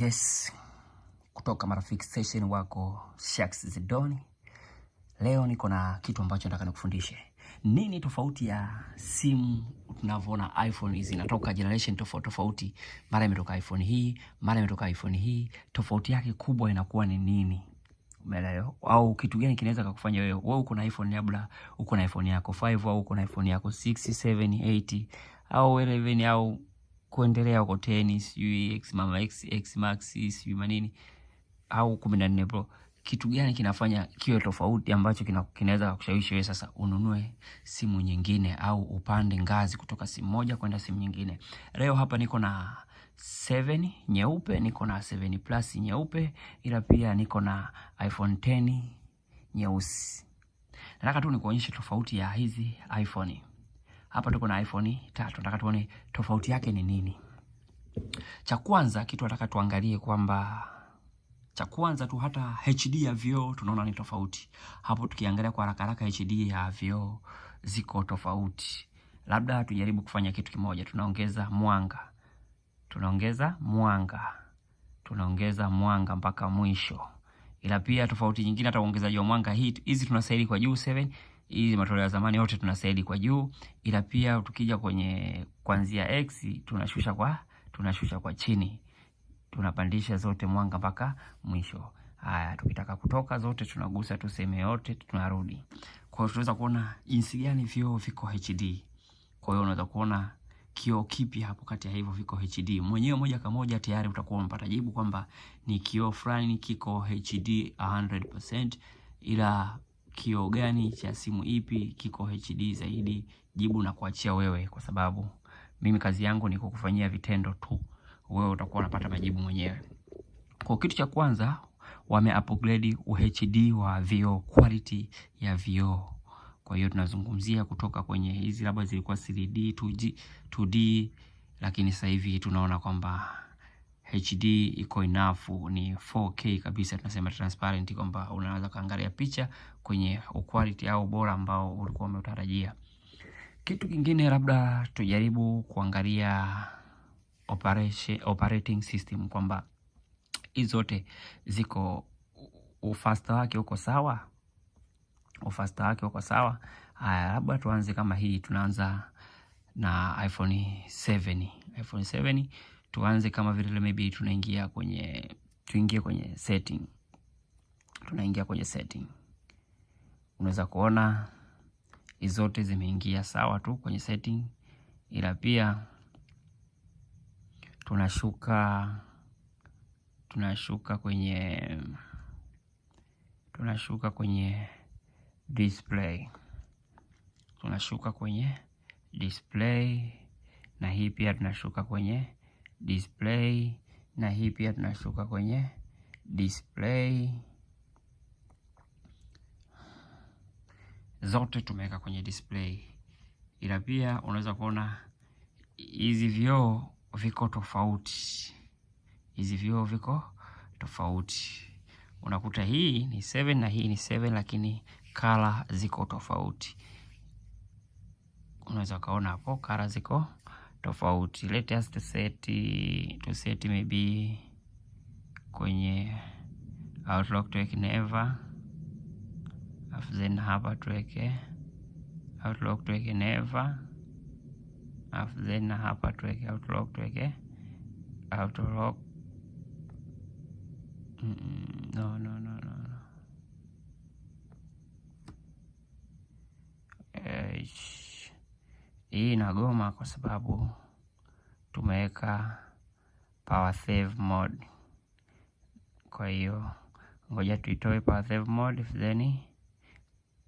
Yes, kutoka Marafiki Station wako Shaks Zidoni. Leo niko na kitu ambacho nataka nikufundishe. Nini tofauti ya simu tunavyoona iPhone hizi inatoka generation tofauti tofauti, mara imetoka iPhone hii, mara imetoka iPhone hii, tofauti yake kubwa inakuwa ni nini? Umeelewa? Au kitu gani kinaweza kukufanya wewe wewe uko na iPhone labda uko na iPhone yako 5 au uko na iPhone yako 6, 7, 8 au 11 au kuendelea kwa 10 sijui X mama X X max sijui manini au 14 pro, kitu gani kinafanya kiwe tofauti ambacho kinaweza kukushawishi wewe sasa ununue simu nyingine au upande ngazi kutoka simu moja kwenda simu nyingine? Leo hapa niko na 7 nyeupe, niko na 7 plus nyeupe, ila pia niko na iPhone 10 nyeusi. Nataka tu nikuonyeshe tofauti ya hizi iPhone. Hapa tuko na iPhone tatu, nataka tuone tofauti yake ni nini. Cha kwanza kitu nataka tuangalie kwamba cha kwanza tu hata HD ya vioo tunaona ni tofauti. Hapo tukiangalia kwa haraka haraka HD ya vioo ziko tofauti. Labda tujaribu kufanya kitu kimoja, tunaongeza mwanga, tunaongeza mwanga, tunaongeza mwanga mpaka mwisho. Ila pia tofauti nyingine, hata uongezaji wa mwanga, hii hizi tunastahili kwa juu hizi matoleo ya zamani yote tunasaidi kwa juu, ila pia tukija kwenye kuanzia x tunashusha kwa tunashusha kwa chini, tunapandisha zote mwanga mpaka mwisho. Haya, tukitaka kutoka zote tunagusa tu sehemu yote, tunarudi. Kwa hiyo tunaweza kuona jinsi gani vioo viko HD. Kwa hiyo unaweza kuona kioo kipi hapo kati ya hivyo viko HD mwenyewe moja kwa moja, tayari utakuwa umepata jibu kwamba ni kioo fulani kiko HD 100% ila kioo gani cha simu ipi kiko HD zaidi, jibu na kuachia wewe, kwa sababu mimi kazi yangu ni kukufanyia vitendo tu, wewe utakuwa unapata majibu mwenyewe. Kwa kitu cha kwanza wame upgrade UHD wa vioo, quality ya vioo. Kwa hiyo tunazungumzia kutoka kwenye hizi labda zilikuwa 3D, 2G, 2D lakini sasa hivi tunaona kwamba HD iko enough, ni 4K kabisa, tunasema transparent, kwamba unaweza kaangalia picha kwenye quality au bora ambao ulikuwa umeutarajia. Kitu kingine labda tujaribu kuangalia operation, operating system kwamba hizi zote ziko ufasta wake uko sawa, ufasta wake uko sawa. Haya, labda tuanze kama hii, tunaanza na iPhone 7, iPhone 7 tuanze kama vile maybe tunaingia kwenye tuingie kwenye setting, tunaingia kwenye setting. Unaweza kuona hizo zote zimeingia sawa tu kwenye setting, ila pia tunashuka tunashuka kwenye tunashuka kwenye display tunashuka kwenye display, na hii pia tunashuka kwenye display, na hii pia tunashuka kwenye display. Zote tumeweka kwenye display, ila pia unaweza kuona hizi vioo viko tofauti, hizi vioo viko tofauti. Unakuta hii ni 7 na hii ni 7, lakini kala ziko tofauti. Unaweza ukaona hapo kala ziko tofauti. Let us to set, to set maybe kwenye Outlook tuweke never, alafu then hapa tuweke eh? Outlook tuweke never, alafu then hapa tuweke Outlook tuweke eh? Outlook. Mm -mm, no, no, no, no. Uh, hii inagoma kwa sababu tumeweka power save mode. Kwa hiyo ngoja tuitoe power save mode, then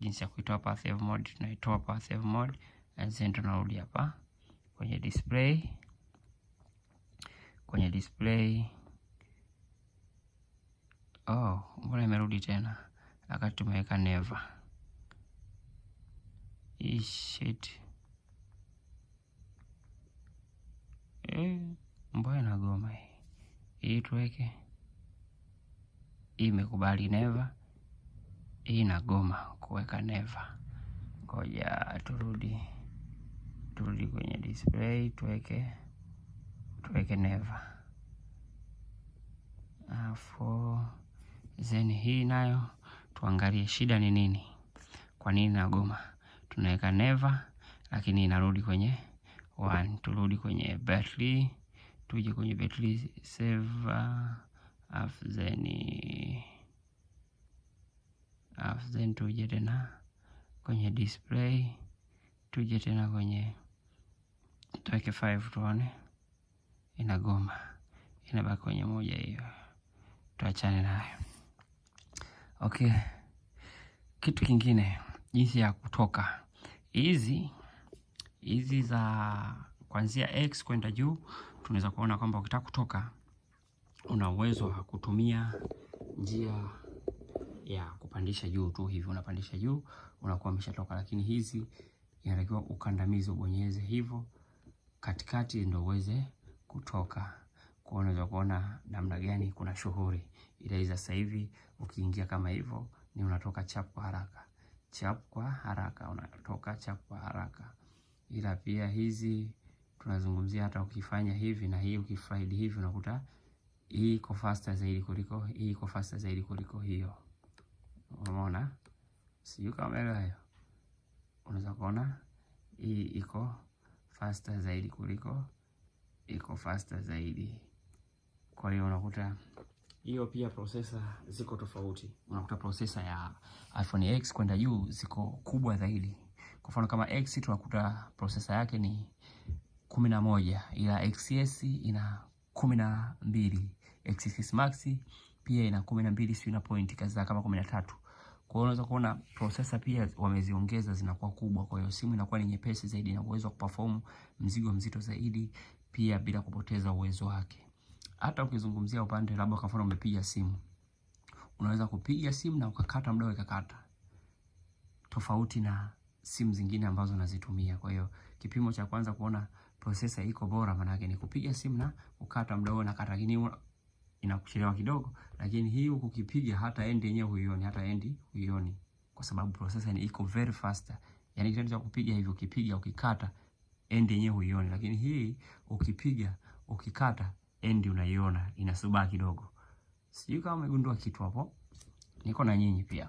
jinsi ya kuitoa power save mode, tunaitoa power save mode then tunarudi hapa kwenye display, kwenye display. Oh, mbona imerudi tena? Akati tumeweka never. Ish, shit. Mm. mbona nagoma hii? Hii tuweke. Hii imekubali neva. Hii nagoma kuweka neva. Ngoja turudi. Turudi kwenye display tuweke tuweke neva. afu zeni hii nayo tuangalie shida ni nini. Kwa nini nagoma? Tunaweka neva lakini inarudi kwenye 1. Turudi kwenye battery, tuje kwenye battery saver, afzeni afzeni, tuje tena kwenye display, tuje tena kwenye tuweke 5 tuone inagoma, inabaki kwenye moja hiyo, tuachane nayo. Okay, kitu kingine jinsi ya kutoka hizi hizi za kuanzia x kwenda juu, tunaweza kuona kwamba ukitaka kutoka, una uwezo wa kutumia njia ya kupandisha juu tu, hivi unapandisha juu, unakuwa umeshatoka. Lakini hizi inatakiwa ukandamizi, ubonyeze hivyo katikati ndio uweze kutoka. Kwa unaweza kuona namna gani kuna shughuli ile. Sasa hivi ukiingia kama hivyo, ni unatoka chap kwa haraka, chap kwa haraka, unatoka chap kwa haraka ila pia hizi tunazungumzia hata ukifanya hivi na hii ukifaidi hivi unakuta hii iko faster zaidi kuliko hii iko faster zaidi kuliko hiyo. Unaona? Sijui kama hiyo. Unaweza kuona hii iko faster zaidi kuliko iko faster zaidi. Kwa hiyo unakuta hiyo pia processor ziko tofauti. Unakuta processor ya iPhone X kwenda juu ziko kubwa zaidi. Kwa mfano kama X tunakuta prosesa yake ni kumi na moja ila XS ina kumi na mbili XS Max pia ina kumi na mbili sio, na point kaza kama kumi na tatu. Kwa hiyo unaweza kuona prosesa pia wameziongeza zinakuwa kubwa, kwa hiyo simu inakuwa ni nyepesi zaidi na uwezo wa kuperform mzigo mzito zaidi pia bila kupoteza uwezo wake. Hata ukizungumzia upande labda kwa mfano umepiga simu, unaweza kupiga simu na ukakata muda ukakata, tofauti na simu zingine ambazo nazitumia. Kwa hiyo kipimo cha kwanza kuona prosesa iko bora, maana yake ni kupiga simu na kukata mda na kata, lakini inakuchelewa kidogo, lakini hii ukipiga hata end yenyewe huioni, hata end huioni kwa sababu prosesa ni iko very fast. Yani kitendo cha kupiga hivyo, ukipiga ukikata end yenyewe huioni, lakini hii ukipiga ukikata end unaiona, inasubaa kidogo. Sijui kama umegundua kitu hapo, niko na nyinyi pia.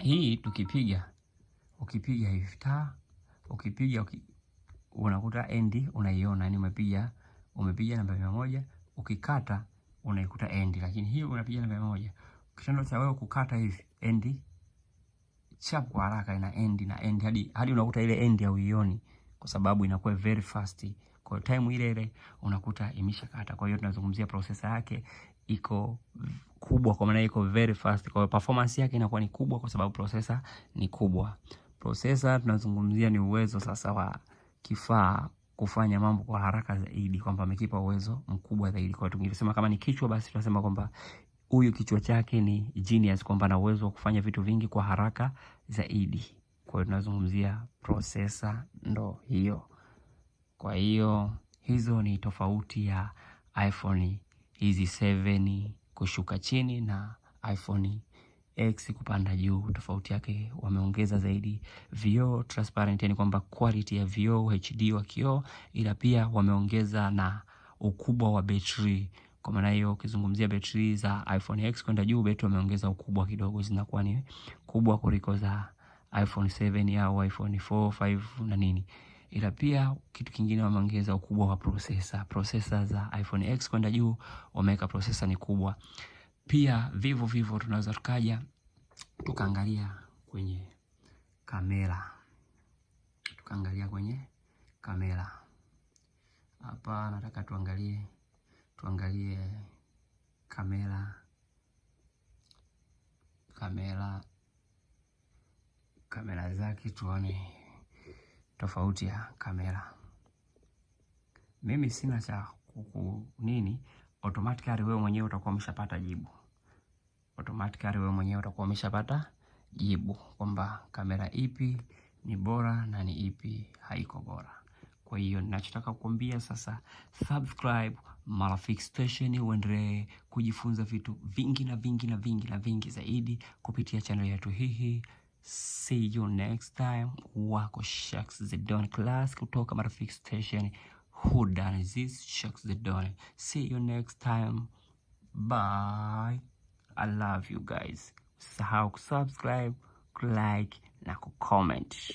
Hii tukipiga ukipiga ifta ukipiga uki, unakuta endi unaiona, yani umepiga umepiga namba mia moja, ukikata unaikuta endi, lakini hiyo unapiga namba mia moja. Kitendo cha wewe kukata hivi endi chap kwa haraka ina endi na endi hadi hadi unakuta ile endi ya uioni, kwa sababu inakuwa very fast. Kwa time ile ile unakuta imesha kata. Kwa hiyo tunazungumzia processor yake iko kubwa, kwa maana iko very fast. Kwa hiyo performance yake inakuwa ni kubwa, kwa sababu processor ni kubwa. Processor tunazungumzia ni uwezo sasa wa kifaa kufanya mambo kwa haraka zaidi, kwamba amekipa uwezo mkubwa zaidi. Kwa tungesema kama ni kichwa, basi tunasema kwamba huyu kichwa chake ni genius, kwamba ana uwezo wa kufanya vitu vingi kwa haraka zaidi. Kwa hiyo tunazungumzia processor ndo hiyo. Kwa hiyo hizo ni tofauti ya iPhone hizi 7 kushuka chini na iPhone X kupanda juu. Tofauti yake wameongeza zaidi vioo transparent, yani kwamba quality ya vioo HD wa kioo, ila pia wameongeza na ukubwa wa betri. Kwa maana hiyo, ukizungumzia betri za iPhone X kwenda juu, betri wameongeza ukubwa kidogo, zinakuwa ni kubwa kuliko za iPhone 7 au iPhone 4, 5 na nini ila pia kitu kingine wameongeza ukubwa wa processor. Processor za iPhone X kwenda juu wameweka processor ni kubwa. Pia vivo vivo tunaweza tukaja tukaangalia kwenye kamera, tukaangalia kwenye kamera. Hapa nataka tuangalie tuangalie kamera kamera kamera zake, tuone tofauti ya kamera. Mimi sina cha kuku nini, automatically wewe mwenyewe utakuwa umeshapata jibu, automatically wewe mwenyewe utakuwa umeshapata jibu kwamba kamera ipi ni bora na ni ipi haiko bora. Kwa hiyo ninachotaka kukwambia sasa, subscribe Marafiki Station, uendelee kujifunza vitu vingi na vingi na vingi na vingi zaidi kupitia channel yetu hii. See you next time. Wako Shaks Zidon Class kutoka Marafiki Station who done this shakes the doll see you next time bye i love you guys usisahau subscribe like na comment